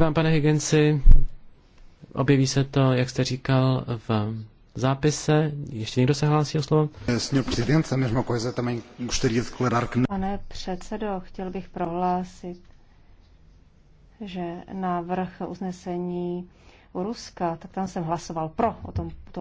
vám, pane Higginsi. Objeví se to, jak jste říkal, v zápise. Ještě někdo se hlásí o slovo? Pane předsedo, chtěl bych prohlásit, že návrh usnesení Ruska, tak tam jsem hlasoval pro o tom,